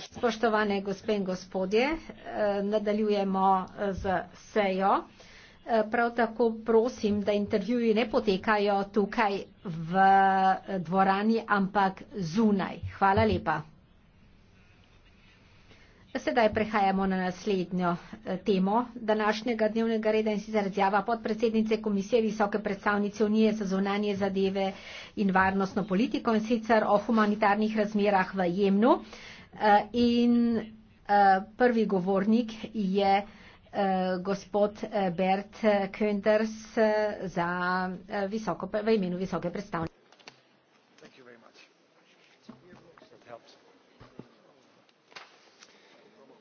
spoštovane gospe in gospodje eh, nadaljujemo eh, z sejo eh, prav tako prosim da intervjuji ne potekajo tukaj v dvorani ampak zunaj hvala lepa sedaj prehajamo na naslednjo eh, temo današnjega dnevnega reda in sicer izjava podpredsednice Komisije Visoke predstavnice Unije za zunanje zadeve in varnostno politiko in sicer o humanitarnih razmerah v Jemnu. Eh, in eh, prvi govornik je gospod Bert Könders za visoko, v imenu visoke predstavnice. Thank you very much.